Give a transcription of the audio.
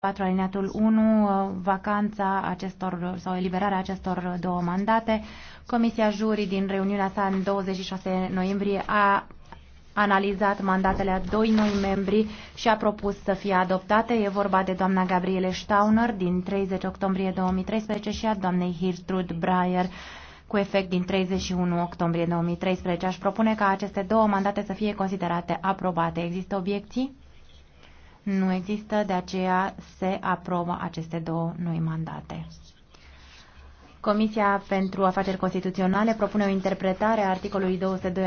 4 alineatul 1, vacanța acestor sau eliberarea acestor două mandate. Comisia Juri din reuniunea sa în 26 noiembrie a analizat mandatele a doi noi membri și a propus să fie adoptate. E vorba de doamna Gabriele Stauner din 30 octombrie 2013 și a doamnei Hirtrud Breyer cu efect din 31 octombrie 2013. Aș propune ca aceste două mandate să fie considerate aprobate. Există obiecții? nu există, de aceea se aprobă aceste două noi mandate. Comisia pentru Afaceri Constituționale propune o interpretare a articolului 202